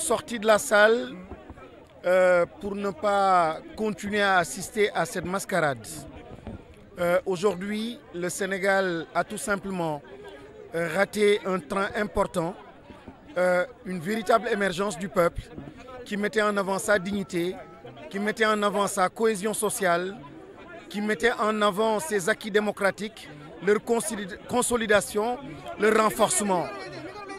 sorti de la salle euh, pour ne pas continuer à assister à cette mascarade. Euh, Aujourd'hui, le Sénégal a tout simplement euh, raté un train important, euh, une véritable émergence du peuple qui mettait en avant sa dignité, qui mettait en avant sa cohésion sociale, qui mettait en avant ses acquis démocratiques, leur consolidation, leur renforcement.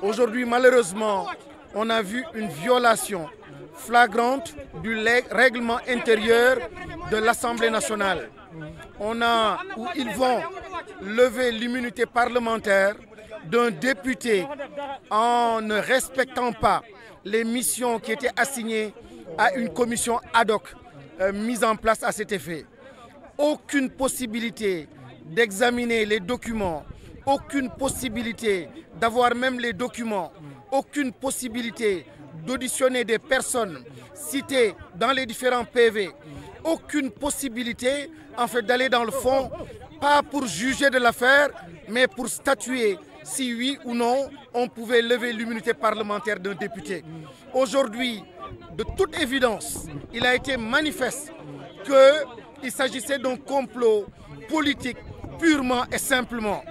Aujourd'hui, malheureusement, on a vu une violation flagrante du règlement intérieur de l'Assemblée nationale. on a où ils vont lever l'immunité parlementaire d'un député en ne respectant pas les missions qui étaient assignées à une commission ad hoc euh, mise en place à cet effet. Aucune possibilité d'examiner les documents, aucune possibilité d'avoir même les documents, aucune possibilité d'auditionner des personnes citées dans les différents PV. aucune possibilité en fait d'aller dans le fond, pas pour juger de l'affaire, mais pour statuer si oui ou non on pouvait lever l'immunité parlementaire d'un député. Aujourd'hui, de toute évidence, il a été manifeste qu'il s'agissait d'un complot politique purement et simplement.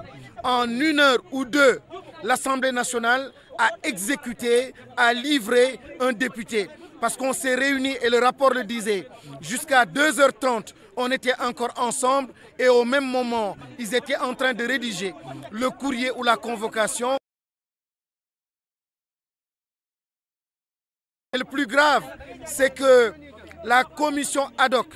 En une heure ou deux, l'Assemblée nationale a exécuté, a livré un député. parce qu'on s'est réunis et le rapport le disait, jusqu'à 2h30, on était encore ensemble et au même moment, ils étaient en train de rédiger le courrier ou la convocation. Et le plus grave, c'est que la commission ad hoc,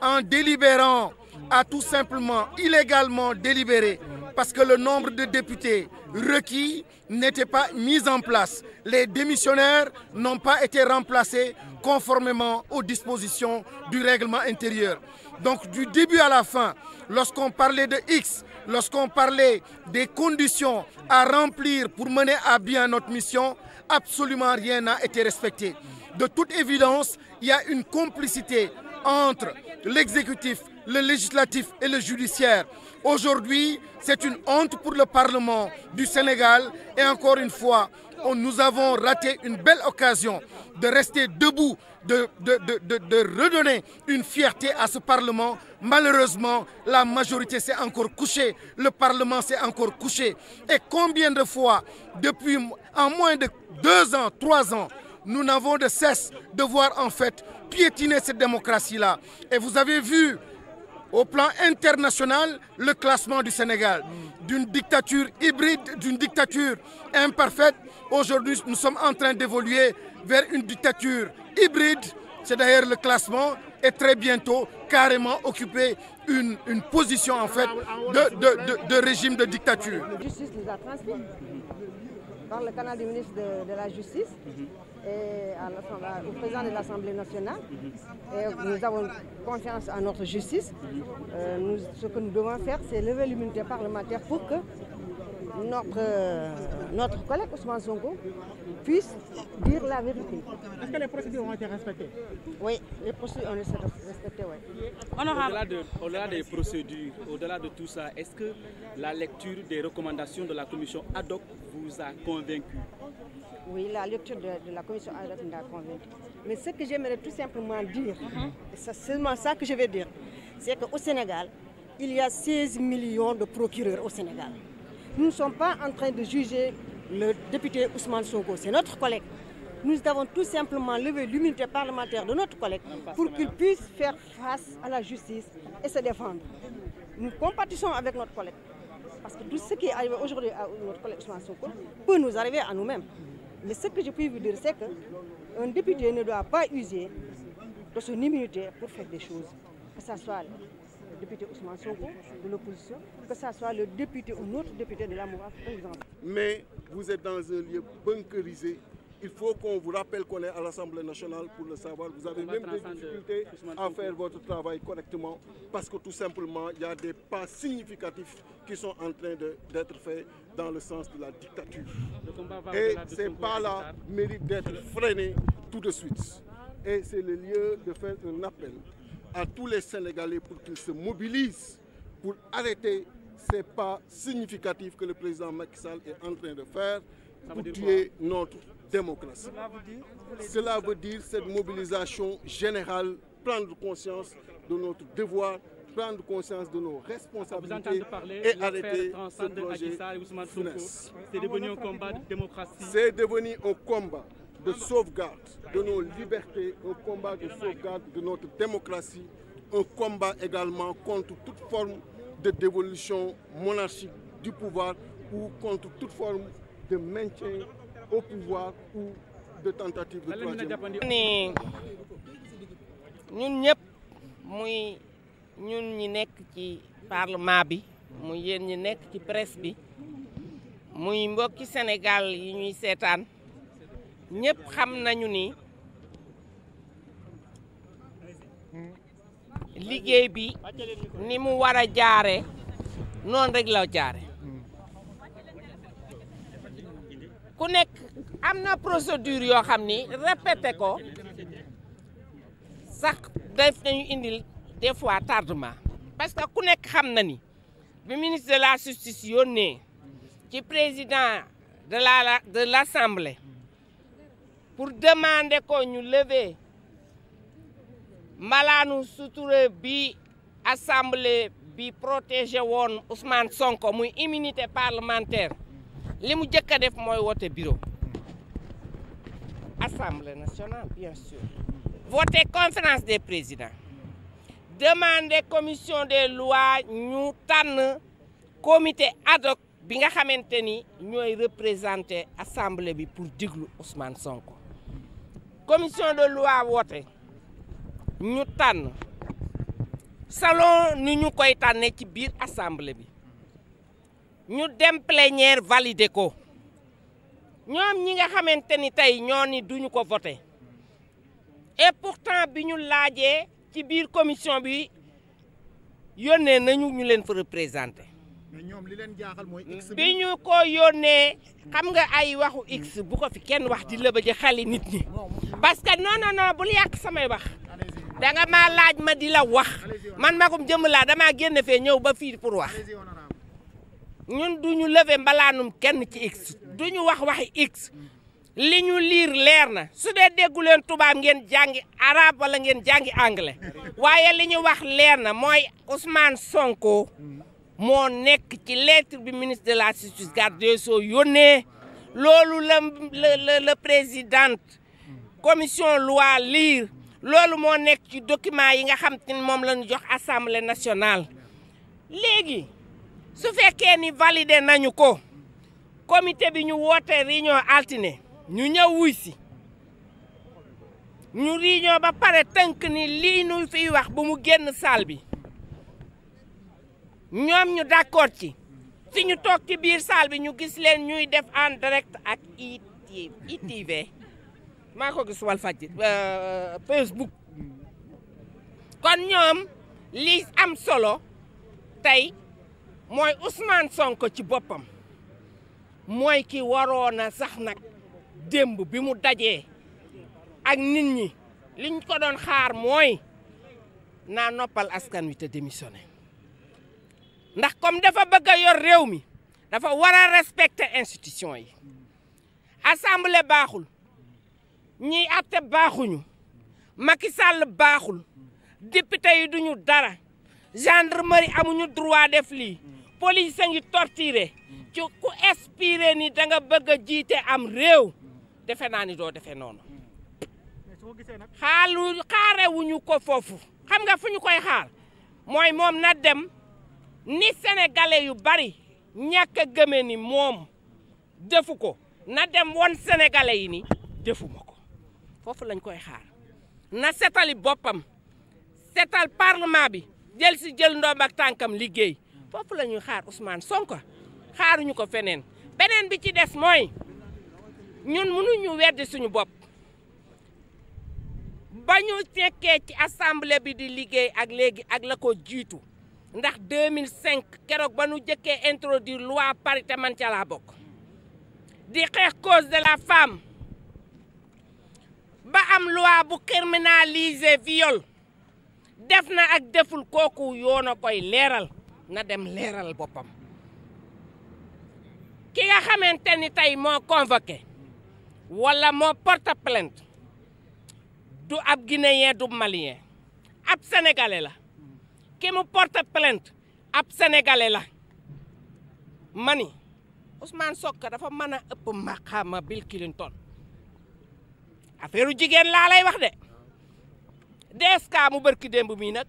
en délibérant, a tout simplement illégalement délibéré parce que le nombre de députés requis n'était pas mis en place. Les démissionnaires n'ont pas été remplacés conformément aux dispositions du règlement intérieur. Donc du début à la fin, lorsqu'on parlait de X, lorsqu'on parlait des conditions à remplir pour mener à bien notre mission, absolument rien n'a été respecté. De toute évidence, il y a une complicité entre l'exécutif le législatif et le judiciaire. Aujourd'hui, c'est une honte pour le Parlement du Sénégal et encore une fois, on, nous avons raté une belle occasion de rester debout, de, de, de, de redonner une fierté à ce Parlement. Malheureusement, la majorité s'est encore couchée, le Parlement s'est encore couché. Et combien de fois, depuis en moins de deux ans, trois ans, nous n'avons de cesse de voir en fait piétiner cette démocratie-là. Et vous avez vu au plan international le classement du Sénégal. D'une dictature hybride, d'une dictature imparfaite, aujourd'hui nous sommes en train d'évoluer vers une dictature hybride. C'est d'ailleurs le classement et très bientôt carrément occuper une, une position en fait de, de, de, de régime de dictature. par le canal du ministre de, de la Justice mhm. et à au président de l'Assemblée nationale. Mhm. Et nous avons confiance en notre justice. Mhm. Euh, nous, ce que nous devons faire, c'est lever l'immunité parlementaire pour que notre, euh, notre collègue Ousmane Sonko puisse dire la vérité. Est-ce que les procédures ont été respectées Oui, les procédures Au-delà de, des procédures, au-delà de tout ça, est-ce que la lecture des recommandations de la commission ad hoc vous a convaincu Oui, la lecture de, la commission ad Mais ce que j'aimerais tout simplement dire, mhm. c'est seulement que je Sénégal, il y a 16 millions de procureurs au Sénégal. Nous ne sommes pas en train de juger le député Ousmane Sonko, c'est notre collègue. Nous avons tout simplement levé l'immunité parlementaire de notre collègue pour qu'il puisse faire face à la justice et se défendre. Nous compatissons avec notre collègue. Parce que tout ce qui est aujourd'hui à notre collègue Ousmane Sonko peut nous arriver à nous-mêmes. Mais ce que je peux vous dire, c'est qu'un député ne doit pas user de son immunité pour faire des choses. que ça soit le député de l'opposition, que ça député ou notre député de la mouvance présidentielle. Mais vous êtes dans un lieu bunkerisé. Il faut qu'on vous rappelle qu'on à l'Assemblée nationale pour le savoir. Vous avez même des à faire votre travail correctement parce que tout simplement, il y a des pas significatifs qui sont en train d'être faits dans le sens de la dictature. Et ces pas-là méritent d'être freinés tout de suite. Et c'est le lieu de faire un appel à tous les Sénégalais pour qu'ils se mobilisent pour arrêter ces pas significatifs que le président Macky Sall est en train de faire pour tuer notre démocratie. Cela veut dire cette mobilisation générale, prendre conscience de notre devoir, prendre conscience de nos responsabilités et arrêter ce projet funeste. C'est devenu un combat de démocratie. C'est un combat de sauvegarde de nos libertés, un combat de sauvegarde de notre démocratie, un combat également contre toute forme de dévolution monarchique du pouvoir ou contre toute forme de maintien au pouvoir ou de tentative de troisième. ñun ñëpp muy ñun ñi nekk ci parlement bi muy yéen ñi nekk ci presse bi muy mbokki Sénégal yi ñuy seetaan. ñëpp xam nañu ni liggéey bi ni mu war a jaare noonu rek la jaare ku nekk am na procédure yoo xam ni répété ko saq def nañu indil des fois tardement parce que ku nekk xam na ni bi ministre de la justice yónnee ci président de la de pour demander ko ñu lever malaanu suture bi assemblée bi protégé woon Ousmane Sonko muy immunité parlementaire li mu jëkk a def mooy wote bureau assemblée nationale bien sûr voté conférence des présidents demandé commission des lois ñu tànn comité ad hoc bi nga xamante ni ñooy représenté assemblée bi pour diglu Ousmane Sonko commission de loi woote ñu tànn salon ni ñu koy tànnee ci biir assemblée bi ñu dem plénière valider ko ñoom ñi nga xamante ni tey ñoo ni duñu ko voté et pourtant bi ñu laajee ci biir commission bi yónnee nañu ñu leen fa représenté mais ñoom li leen jaaxal mooy x bi ñu ko yónnee xam nga ay waxu x bu ko fi kenn wax di lëbëje xali nit ñi parce que noo non non bul yàq samay wax danga nga maa laaj ma di la wax man magum jëm laa damaa génn fee ñëw ba fii pour wax ñun duñu ñu mbalaanum kenn ci x du ñu wax waxi x li ñu liir leer na su dee déggu leen tubaab ngeen jàngi arabe walla ngeen jàngi anglais waaye li ñu wax leer na mooy Ousmane Sonko. Mm. moo nekk ci lettre bi ministre de la justice garde des sceaux yónnee loolu la la la présidente commission loi loolu moo nekk ci document yi nga xam te ne moom la ñu jox assemblée nationale léegi su fekkee ni validé nañu ko comité bi ñu woote réunion altine ñu ñëw wuy si ñu réunion ba pare tënk ni lii ñu fiy wax bu mu génn salle bi ñoom ñu d'accord ci si ñu toog ci biir salle bi ñu gis leen ñuy def en direct ak ITV maa ko gis wal faj euh, Facebook kon ñoom lii am solo tey mooy usmaan Sonko ci boppam mooy ki waroon a sax nag démb bi mu dajee ak nit ñi liñ ko doon xaar mooy naa noppal askan wi te démissionné ndax comme dafa bëgg yor réew mi dafa war a respecter institution yi assemblée baaxul ñii àtte baaxuñu Macky Sall baaxul député yi duñu dara gendarmerie amuñu droit def lii police a ngi torturé ci ku expiré ni da nga bëgg a jiite am réew defe naa ni doo defee noonu xaalu xaarewuñu ko foofu xam nga fu ñu koy xaar mooy moom na dem ni senegale yu bari ñàkk a gëme ni moom defu ko na dem woon sénégalais yi ni defuma ko foofu lañ koy xaar na setali boppam setal parlement bi jël si jël ndoom ak tànkam liggéey foofu la ñuy xaar Ousmane Sonko xaaruñu ko feneen beneen bi ci des moy ñun mënuñu weddi suñu bopp ba ñu nekkee ci assemblée bi di liggéey ak léegi ak la ko jiitu ndax 2005 keroog ba nu jëkkee introduire loi parité man ca bokk di xeex cause de la femme ba am loi bu criminaliser viol def na ak deful kooku yoon a koy leeral na dem leeral boppam ki nga xamante ni tey moo convoqué wala moo porte plainte du ab guinéen du malien ab sénégalais la ki mu porte plainte ab sénégalais la mani ni Ousmane Sonko dafa mën a ëpp maqaama Bill Clinton affaire jigéen laa lay wax de DSK mu bërki démb mii nag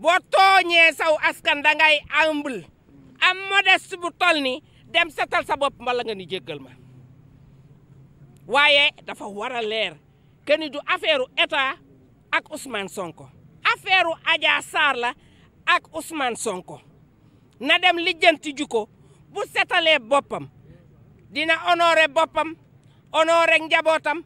boo tooñee saw askan da ngay humble am modeste bu tol ni dem setal sa bopp malla nga ni jéggal ma waaye dafa war a leer que ni du affaire état ak Ousmane Sonko affaire u Adja la ak Ousmane Sonko na dem lijjanti ju ko bu setalee boppam dina honoré boppam honoré njabootam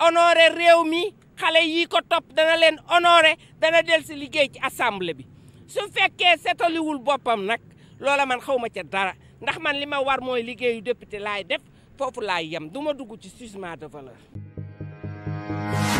honoré réew mi xale yii ko topp dana leen honoré dana del si liggéey ci asamble bi su fekkee setaliwul boppam nag loola man xawma ca dara ndax man li ma war mooy liggéeyu député laay def foofu laay yem du ma dugg ci jugement de valeur